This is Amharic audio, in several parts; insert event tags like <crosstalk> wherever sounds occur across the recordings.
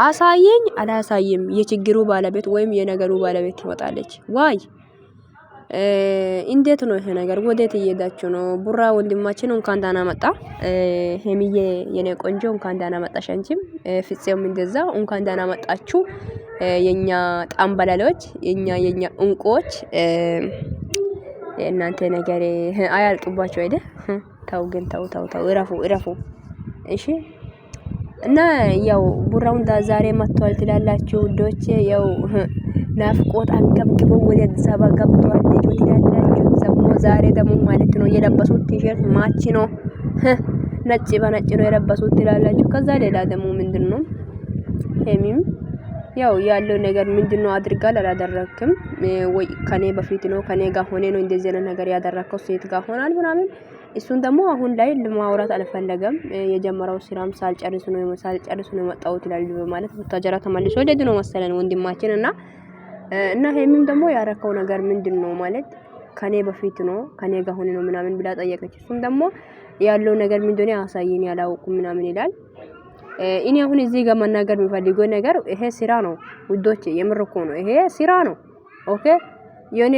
አሳየኝ አላሳየም የችግሩ ባለቤት ወይም የነገሩ ባለቤት ትወጣለች። ዋይ እንዴት ነው ይሄ ነገር? ወዴት እየሄዳችሁ ነው? ቡራ ወንድማችን እንኳን ዳና መጣ። ሄሚዬ የኔ ቆንጆ እንኳን ዳና መጣሽ። አንቺም ፍፄም እንደዛ እንኳን ዳና መጣችሁ። የኛ ጣምበላሎች፣ የኛ የኛ እንቁዎች እናንተ ነገር አያልቅባችሁ አይደል? ተው ግን ተው ተው ተው፣ እረፉ እረፉ እሺ። እና ያው ቡራውን ዛሬ መጥቷል ትላላችሁ ውዶች። ያው ናፍቆት አንገብግበው ወደ አዲስ አበባ ገብተዋል ልጁ ትላላችሁ። ደግሞ ዛሬ ደግሞ ማለት ነው የለበሱት ቲሸርት ማች ነው፣ ነጭ በነጭ ነው የለበሱት ትላላችሁ። ከዛ ሌላ ደግሞ ምንድን ነው ሄሚም ያው ያለው ነገር ምንድነው? አድርጋል አላደረክም ወይ? ከኔ በፊት ነው ከኔ ጋር ሆኔ ነው እንደዚህ ነገር ያደረከው ሴት ጋር ሆናል ምናምን እሱን ደግሞ አሁን ላይ ለማውራት አልፈለገም። የጀመረው ስራም ሳልጨርስ ነው ሳልጨርስ ነው የመጣሁት ይላሉ በማለት ቡታጀራ ተመልሶ ወደድ ነው መሰለን ወንድማችን እና እና ሄሚም ደግሞ ያረከው ነገር ምንድን ነው ማለት ከኔ በፊት ነው ከኔ ጋር ሆነ ነው ምናምን ብላ ጠየቀች። እሱም ደግሞ ያለው ነገር ምንድነው ያሳየኝ ያላውቁ ምናምን ይላል። እኔ አሁን እዚህ ጋር መናገር የሚፈልገው ነገር ይሄ ስራ ነው ውዶቼ፣ የምርኮ ነው ይሄ ስራ ነው ኦኬ የኔ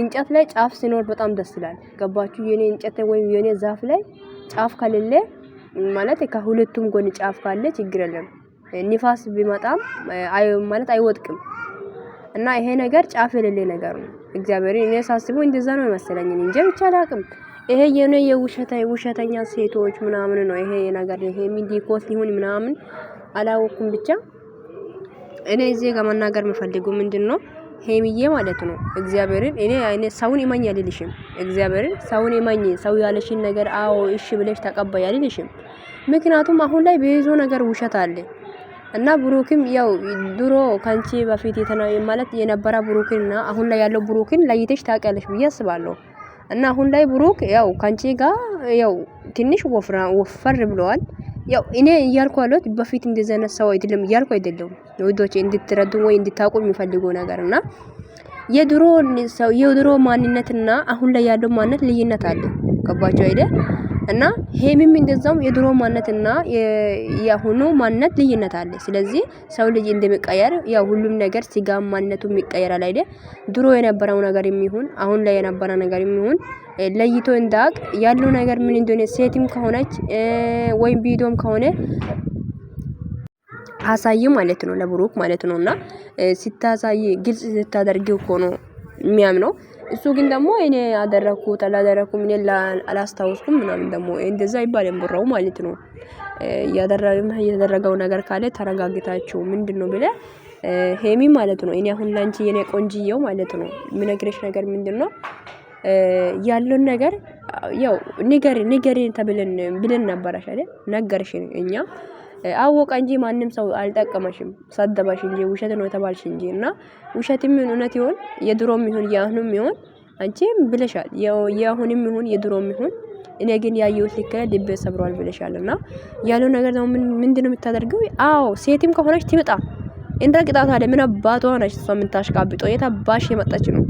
እንጨት ላይ ጫፍ ሲኖር በጣም ደስ ይላል። ገባችሁ? የኔ እንጨት ወይም የኔ ዛፍ ላይ ጫፍ ከሌለ ማለት ከሁለቱም ጎን ጫፍ ካለ ችግር የለም፣ ንፋስ ቢመጣም አይ ማለት አይወድቅም። እና ይሄ ነገር ጫፍ የሌለ ነገር ነው። እግዚአብሔር እኔ ሳስበው እንደዛ ነው መሰለኝ እንጂ ብቻ አላቅም። ይሄ የኔ የውሸታ ውሸተኛ ሴቶች ምናምን ነው ይሄ ነገር ይሄ ሚዲኮት ሊሆን ምናምን አላወኩም። ብቻ እኔ እዚህ ጋር መናገር የምፈልገው ምንድን ነው ሄሚዬ ማለት ነው። እግዚአብሔርን እኔ አይነ ሰውን እመኝ አልልሽም። እግዚአብሔርን ሰውን እመኝ፣ ሰው ያለሽን ነገር አዎ እሺ ብለሽ ተቀበይ አልልሽም። ምክንያቱም አሁን ላይ ብዙ ነገር ውሸት አለ እና ብሩክም ያው ድሮ ከንቺ በፊት የተናየ ማለት የነበረ ብሩክና አሁን ላይ ያለው ብሩክን ለይተሽ ታውቂያለሽ ብዬ አስባለሁ። እና አሁን ላይ ብሩክ ያው ከንቺ ጋር ያው ትንሽ ወፍራ ወፈር ብለዋል። ያው እኔ እያልኩ አለት በፊት እንደዚህ አይነት ሰው አይደለም እያልኩ አይደለም ውዶች፣ እንድትረዱ ወይ እንድታውቁ የሚፈልገው ነገር እና የድሮ ሰው የድሮ ማንነትና አሁን ላይ ያለው ማንነት ልዩነት አለ። ገባችሁ አይደል? እና ሄሚም እንደዛውም የድሮ ማነትና የአሁኑ ማነት ልዩነት አለ። ስለዚህ ሰው ልጅ እንደሚቀየር ያ ሁሉም ነገር ሲጋ ማነቱ የሚቀየራል አይደል? ድሮ የነበረው ነገር የሚሆን አሁን ላይ የነበረ ነገር የሚሆን ለይቶ እንዳቅ ያለው ነገር ምን እንደሆነ ሴትም ከሆነች ወይም ቢዶም ከሆነ አሳይ ማለት ነው ለብሩክ ማለት ነውና ስታሳይ ግልጽ ስታደርጊው እኮ ነው የሚያምነው። እሱ ግን ደግሞ እኔ አደረግኩት አላደረግኩም እኔ አላስታውስኩም ምናምን ደግሞ እንደዛ ይባል ቦራው ማለት ነው። የተደረገው ነገር ካለ ተረጋግታችሁ ምንድነው ብለ ሄሚ ማለት ነው። እኔ አሁን ላንቺ የኔ ቆንጅየው ማለት ነው የምነግርሽ ነገር ምንድነው? ያለውን ነገር ያው ንገሪ ንገሪ ተብለን ብለን ነበረሽ አይደል ነገርሽን እኛ አወቀ እንጂ ማንም ሰው አልጠቀመሽም። ሰደባሽ እንጂ ውሸት ነው የተባልሽ እንጂ እና ውሸትም ይሁን እውነት ይሁን የድሮም ይሁን የአሁንም ይሁን አንቺም ብለሻል። የአሁንም ይሁን የድሮም ይሁን እኔ ግን ያየሁት ልክ ልብ ሰብሯል ብለሻል። እና ያለው ነገር ደግሞ ምንድነው የምታደርገው? አዎ ሴትም ከሆነች ትምጣ እንደ ቅጣት አለ። ምን አባቷ ነች እሷ የምታሽቃብጦ? የታባሽ የመጣች ነው?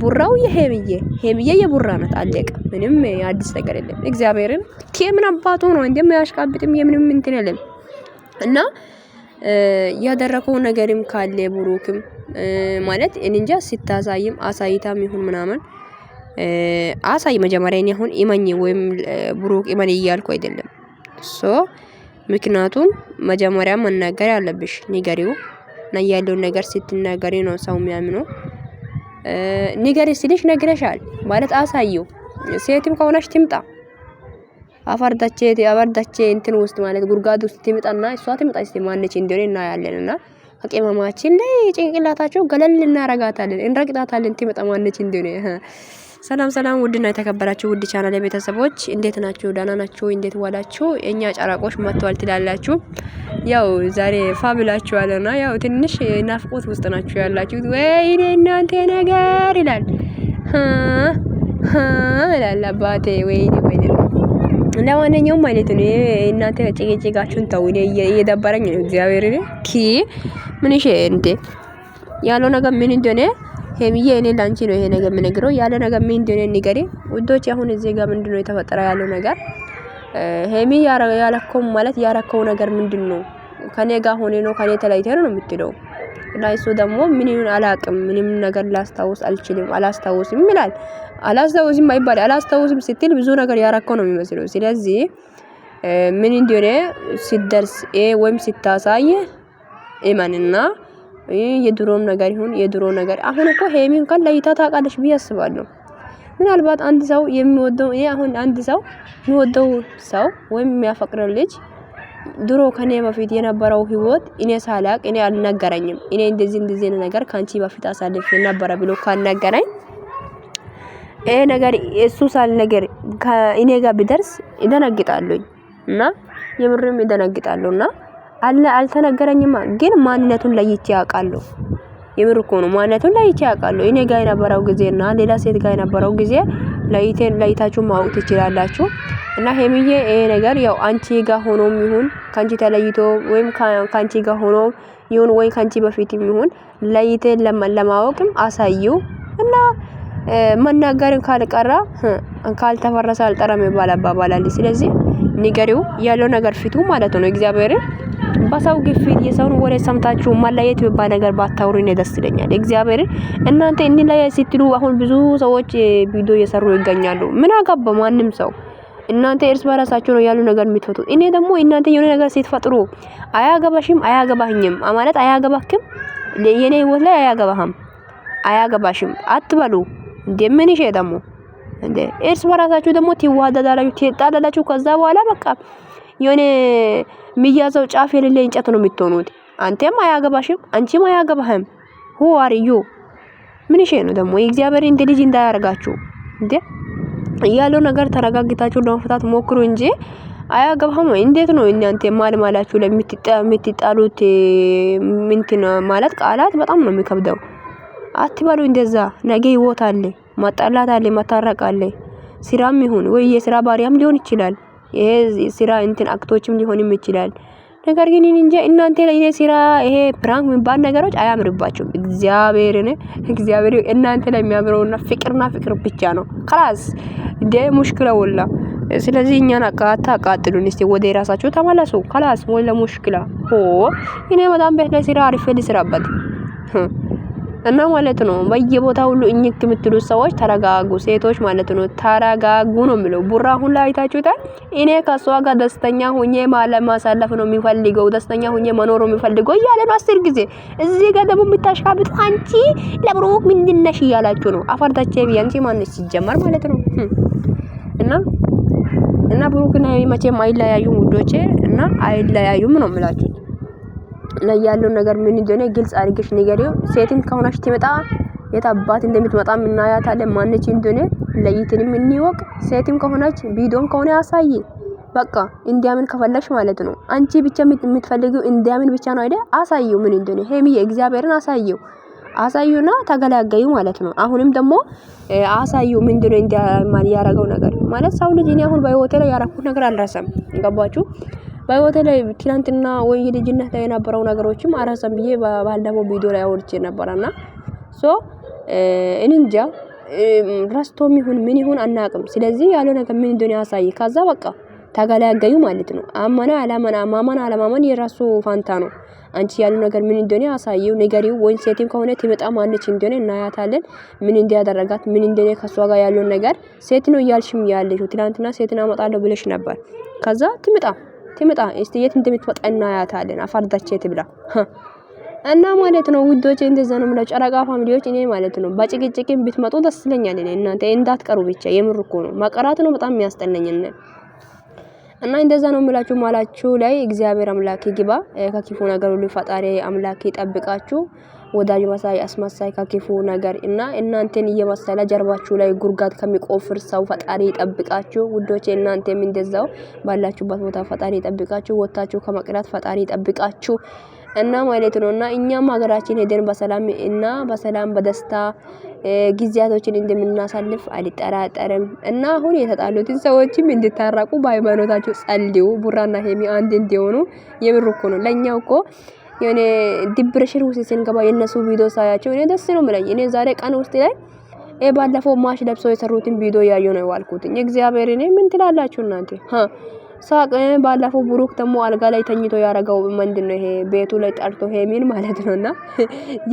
ቡራው የሄምዬ ሄምዬ የቡራ ናት። አለቀ። ምንም አዲስ ነገር የለም። እግዚአብሔርን ምን አባቱ ነው እንደም ያሽቃብጥም የምንም እንትን የለም እና ያደረከው ነገርም ካለ ቡሩክም ማለት እንጃ ሲታሳይም አሳይታም ይሁን ምናምን አሳይ መጀመሪያ እኔ አሁን ኢማኝ ወይም ቡሩክ ኢማኝ እያልኩ አይደለም። ሶ ምክንያቱም መጀመሪያ መናገር ያለብሽ ንገሪው እና ያለውን ነገር ስትናገሪ ነው ሰው የሚያምነው። ንገሪ ሲልሽ ነግረሻል ማለት አሳየው። ሴትም ከሆነች ትምጣ አፈርዳቼ አበርዳቼ እንትን ውስጥ ማለት ጉርጓድ ውስጥ ትምጣና እሷ ትምጣ እስቲ ማነች እንደሆነ እናያለንና ከቅመማችን ላይ ጭንቅላታቸው ገለል እናረጋታለን፣ እንረግጣታለን። ትምጣ ማነች እንደሆነ ሰላም ሰላም፣ ውድና የተከበራችሁ ውድ ቻናል የቤተሰቦች እንዴት ናችሁ? ደህና ናችሁ? እንዴት ዋላችሁ? እኛ ጨራቆች መጥተዋል ትላላችሁ። ያው ዛሬ ፋብላችሁ አለና ያው ትንሽ ናፍቆት ውስጥ ናችሁ ያላችሁት። ወይኔ እናንተ ነገር ይላል ይላል አባቴ። ወይኔ ወይኔ። ለማንኛውም ማለት ነው እናንተ ጭቅጭቃችሁን ተው፣ እየደበረኝ ነው እግዚአብሔር ኪ ምን ይሄ እንዴ ያለው ነገር ምን እንደሆነ ሄምዬ እኔ ላንቺ ነው ይሄ ነገር የምነግረው። ያለ ነገር ምንድነው ንገሪኝ ውዶች። አሁን እዚህ ጋር ምንድነው የተፈጠረ ያለው ነገር? ሄሚ ያረከው ማለት ያረከው ነገር ምንድነው? ከኔ ጋር ሆኔ ነው ከኔ ተለይተ ነው የምትለው እና እሱ ደግሞ ምን ይሁን አላቅም፣ ምንም ነገር ላስታውስ አልችልም፣ አላስታውስም ይላል። አላስታውስም አይባል አላስታውስም ስትል ብዙ ነገር ያረከው ነው የሚመስለው። ስለዚህ ምን እንደሆነ ሲደርስ ወይም ሲታሳይ እመንና የድሮም ነገር ይሁን የድሮ ነገር አሁን እኮ ሄሚ እንኳን ለይታ ታውቃለች ብዬ አስባለሁ። ምናልባት አንድ ሰው የሚወደው ይሄ አሁን አንድ ሰው የሚወደው ሰው ወይም የሚያፈቅረው ልጅ ድሮ ከኔ በፊት የነበረው ህይወት እኔ ሳላቅ እኔ አልነገረኝም እኔ እንደዚህ እንደዚህ ነገር ከአንቺ በፊት አሳልፍ ነበረ ብሎ ካልነገረኝ ይሄ ነገር እሱ ሳል ነገር ከእኔ ጋር ቢደርስ ይደነግጣሉኝ እና የምርም ይደነግጣሉና አለ አልተነገረኝም፣ ግን ማንነቱን ለይቼ አውቃለሁ። የምር እኮ ነው። ማንነቱን ለይቼ አውቃለሁ። እኔ ጋር የነበረው ጊዜና ሌላ ሴት ጋር የነበረው ጊዜ ለይቴ ለይታችሁ ማወቅ ትችላላችሁ። እና ሄምዬ ይሄ ነገር ያው አንቺ ጋር ሆኖም ይሁን ካንቺ ተለይቶ ወይም ካንቺ ጋር ሆኖ ይሁን ወይ ካንቺ በፊትም ይሁን ለይቴ ለማወቅም አሳዩ እና መናገርን ካልቀራ ካልተፈረሰ አልጠረም ይባል አባባላል። ስለዚህ ንገሪው ያለው ነገር ፊቱ ማለት ነው እግዚአብሔር በሰው ግፊት የሰውን ወሬ ሰምታችሁ ማለየት የሚባል ነገር ባታውሩ እኔ ደስ ይለኛል። እግዚአብሔር እናንተ እንለያይ ስትሉ አሁን ብዙ ሰዎች ቪዲዮ እየሰሩ ይገኛሉ። ምን አገባ ማንም ሰው። እናንተ እርስ በራሳችሁ ነው ያሉ ነገር የምትፈቱ። እኔ ደግሞ እናንተ የሆነ ነገር ስትፈጥሩ አያገባሽም፣ አያገባህኝም ማለት አያገባክም፣ የኔ ህይወት ላይ አያገባህም፣ አያገባሽም አትበሉ። እንደምን ይሄ ደግሞ እንደ እርስ በራሳችሁ ደግሞ ትዋደዳላችሁ፣ ትጣላላችሁ። ከዛ በኋላ በቃ የሆነ የሚያዘው ጫፍ የሌለ እንጨት ነው የምትሆኑት። አንተም አያገባሽም፣ አንቺም አያገባህም። ሁ አር ምን እሺ ነው ደግሞ የእግዚአብሔር እንደ ልጅ እንዳያረጋችሁ እንዴ ያለው ነገር ተረጋግታችሁ ለመፍታት ሞክሩ እንጂ አያገባህም። እንዴት ነው እናንተ ማልማላችሁ ለምትጣሉት እንትን ማለት ቃላት በጣም ነው የሚከብደው። አትበሉ እንደዛ። ነገ ህይወት አለ፣ ማጣላት አለ፣ ማታረቅ አለ። ስራም ይሁን ወይ የስራ ባሪያም ሊሆን ይችላል። ይሄ ስራ እንትን አክቶችም ሊሆንም ይችላል። ነገር ግን እንጂ እናንተ ላይ ይሄ ስራ ይሄ ፕራንክ የሚባል ነገሮች አያምርባችሁም። እግዚአብሔር እግዚአብሔር እናንተ ላይ የሚያምረውና ፍቅርና ፍቅር ብቻ ነው። ከላስ እንደ ሙሽክለ ወላ። ስለዚህ እኛን አቃታ አቃጥሉን። እስቲ ወደ ራሳችሁ ተመለሱ። ከላስ ወላ ሙሽክላ ሆ እኔ በጣም በህለ ስራ አሪፍ ልስራበት እና ማለት ነው በየቦታ ሁሉ እኝክ የምትሉ ሰዎች ተረጋጉ፣ ሴቶች ማለት ነው ተረጋጉ ነው የሚለው። ቡራ ላይ አይታችሁታል። እኔ ከሷ ጋር ደስተኛ ሁኜ ማለማሳለፍ ነው የሚፈልገው፣ ደስተኛ ሁኜ መኖር የሚፈልገው እያለ ነው አስር ጊዜ። እዚህ ጋር ደግሞ የምታሽቃብጥ አንቺ ለብሩክ ምንድነሽ እያላችሁ ነው። አፈርታቼ ቢያንቺ ማነች ሲጀመር ማለት ነው እና እና ብሩክና መቼም አይለያዩም ውዶቼ፣ እና አይለያዩም ነው የምላችሁ። ላይ ያለውን ነገር ምን እንደሆነ ግልጽ አድርገሽ ንገሪው። ሴትም ከሆነች ትመጣ የት አባት እንደምትመጣ እናያታለን። ማነች እንደሆነ ለይተንም እንወቅ። ሴትም ከሆነች ቪዲዮም ከሆነ አሳይ። በቃ እንዲያምን ከፈለግሽ ማለት ነው። አንቺ ብቻ የምትፈልጊው እንዲያምን ብቻ ነው አይደል? አሳየው ምን እንደሆነ ሄሚ እግዚአብሔርን አሳየው። አሳዩና ተገላገዩ ማለት ነው። አሁንም ደግሞ አሳዩ ምንድነው እንዲያማን ያረገው ነገር ማለት ሰው ልጅ እኔ አሁን በህይወቴ ላይ ያረኩት ነገር አልረሳም። ገባችሁ? በህይወቴ ላይ ትላንትና ወይ ልጅነት ላይ የነበረው ነገሮችም አረሰን ብዬ ባለፈው ቪዲዮ ላይ አውርቼ ነበረ እና ሶ እንንጃ ረስቶም ይሁን ምን ይሁን አናቅም። ስለዚህ ያለው ነገር ምን እንደሆነ ያሳይ። ከዛ በቃ ተገላገዩ ማለት ነው። አመና አላመና፣ ማመን አለማመን የራሱ ፋንታ ነው። አንቺ ያሉ ነገር ምን እንደሆነ ያሳየው ንገሪው። ወይ ሴትም ከሆነ ትመጣ ማነች እንደሆነ እናያታለን። ምን እንዲያደረጋት ምን እንደሆነ ከሷ ጋር ያለው ነገር ሴት ነው እያልሽም ያለሽው ትናንትና ሴትን አመጣለሁ ብለሽ ነበር። ከዛ ትመጣ ትምጣ እስቲ የት እንደምትወጣ እናያታለን። አፋርዳቸው ትብላ እና ማለት ነው ውዶቼ፣ እንደዛ ነው የምለው። ጨረቃ ፋሚሊዎች እኔ ማለት ነው በጭቅጭቅም ብትመጡ ደስ ይለኛል። እኔ እናንተ እንዳትቀሩ ብቻ የምር እኮ ነው መቀራት ነው በጣም የሚያስጠላኝ እና እንደዛ ነው የምላችሁ። ማላችሁ ላይ እግዚአብሔር አምላክ ይግባ፣ ከክፉ ነገር ሁሉ ፈጣሪ አምላክ ይጠብቃችሁ። ወዳጅ መሳይ አስመሳይ ከክፉ ነገር እና እናንተን እየመሰለ ጀርባችሁ ላይ ጉርጋት ከሚቆፍር ሰው ፈጣሪ ይጠብቃችሁ። ውዶቼ እናንተም እንደዛው ባላችሁበት ቦታ ፈጣሪ ይጠብቃችሁ። ወታችሁ ከመቅረት ፈጣሪ ይጠብቃችሁ እና ማለት ነው እና እኛም ሀገራችን ሄደን በሰላም እና በሰላም በደስታ ጊዜያቶችን እንደምናሳልፍ አልጠራጠርም እና አሁን የተጣሉትን ሰዎችም እንድታረቁ በሃይማኖታችሁ ጸልዩ። ቡራና ሄሚ አንድ እንዲሆኑ የምር እኮ ነው ለእኛ እኮ የሆነ ዲፕሬሽን ውስጥ ስንገባ የነሱ ቪዲዮ ሳያቸው እኔ ደስ ነው ምለኝ። እኔ ዛሬ ቀን ውስጥ ላይ ባለፈው ማሽ ለብሶ የሰሩትን ቪዲዮ ያዩ ነው የዋልኩት እግዚአብሔር እኔ ምን ትላላችሁ እናንተ? ሳቅ ባለፈው ብሩክ ደግሞ አልጋ ላይ ተኝቶ ያረገው ምንድን ነው ይሄ ቤቱ ላይ ጠርቶ ሄሚን ማለት ነውና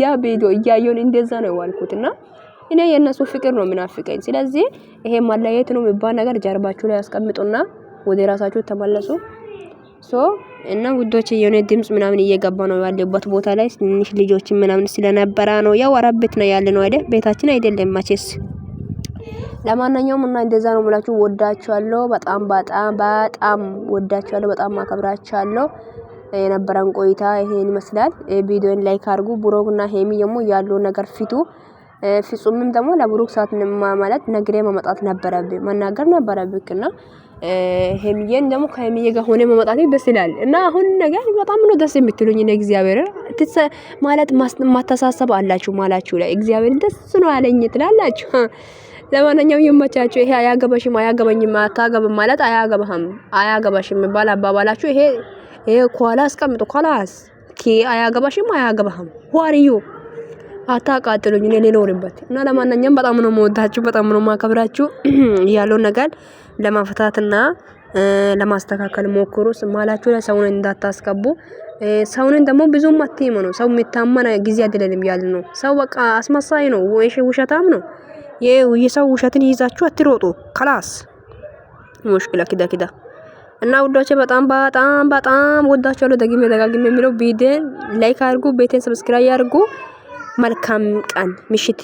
ያ ቪዲዮ እያየውን እንደዛ ነው እና እኔ የእነሱ ፍቅር ነው ምናፍቀኝ። ስለዚህ ይሄ ማለያየት ነው የሚባል ነገር ጀርባችሁ ላይ ያስቀምጡና ወደ ራሳችሁ ተመለሱ። ሶ እና ውዶች የሆነ ድምጽ ምናምን እየገባ ነው ያለበት ቦታ ላይ ትንሽ ልጆች ምናምን ስለነበረ ነው። ያው አረብ ነው ያለ ነው አይደል? ቤታችን አይደለም መቼስ። ለማንኛውም እና እንደዛ ነው የምላችሁ። ወዳችኋለሁ። በጣም በጣም በጣም ወዳችኋለሁ። በጣም አከብራችኋለሁ። የነበረን ቆይታ ይሄን ይመስላል። ቪዲዮን ላይክ አድርጉ። እና ሄሚ ደግሞ ያለውን ነገር ፊቱ ፍጹምም ደግሞ ለብሩክ ሰዓት ማለት ነግሬ ማመጣት ነበረብኝ፣ መናገር ነበረብኝ እና ሄሚዬን ደግሞ ከሄሚዬ ጋር ሆነ መመጣት ደስ ይላል እና አሁን ነገር በጣም ነው ደስ የምትሉኝ። እኔ እግዚአብሔር ማለት ማተሳሰብ አላችሁ ማላችሁ ላይ እግዚአብሔር ደስ ነው ያለኝ ትላላችሁ። ለማንኛውም ይመቻችሁ። ይሄ አያገባሽም አያገባኝም አታገብም ማለት አያገባህም አያገባሽም የሚባል አባባላችሁ ይሄ ይሄ ኋላ አስቀምጡ። ኋላስ ኪ አያገባሽም አያገባህም ዋሪዩ አታቃጥሉኝ እኔ ልኖርበት እና ለማንኛውም በጣም ነው መወዳችሁ፣ በጣም ነው ማከብራችሁ <clears throat> ያለው ነገር ለማፈታትና ለማስተካከል ሞክሩ። መሀላችሁ ላይ ሰውን እንዳታስገቡ። ሰውንን ደግሞ ብዙም አትይሙ ነው። ሰው የሚታመን ጊዜ አይደለም ያለ ነው። ሰው በቃ አስመሳይ ነው፣ ውሸታም ነው። የሰው ውሸትን ይዛችሁ አትሮጡ። ከላስ ሙሽኪላ ኪዳ ኪዳ እና ውዶቼ በጣም በጣም በጣም ወዳቸው ወዳችኋለሁ። ደግሜ ደጋግሜ የሚለው ቪዲዮ ላይክ አድርጉ፣ ቤቴን ሰብስክራይብ አድርጉ። መልካም ቀን ምሽት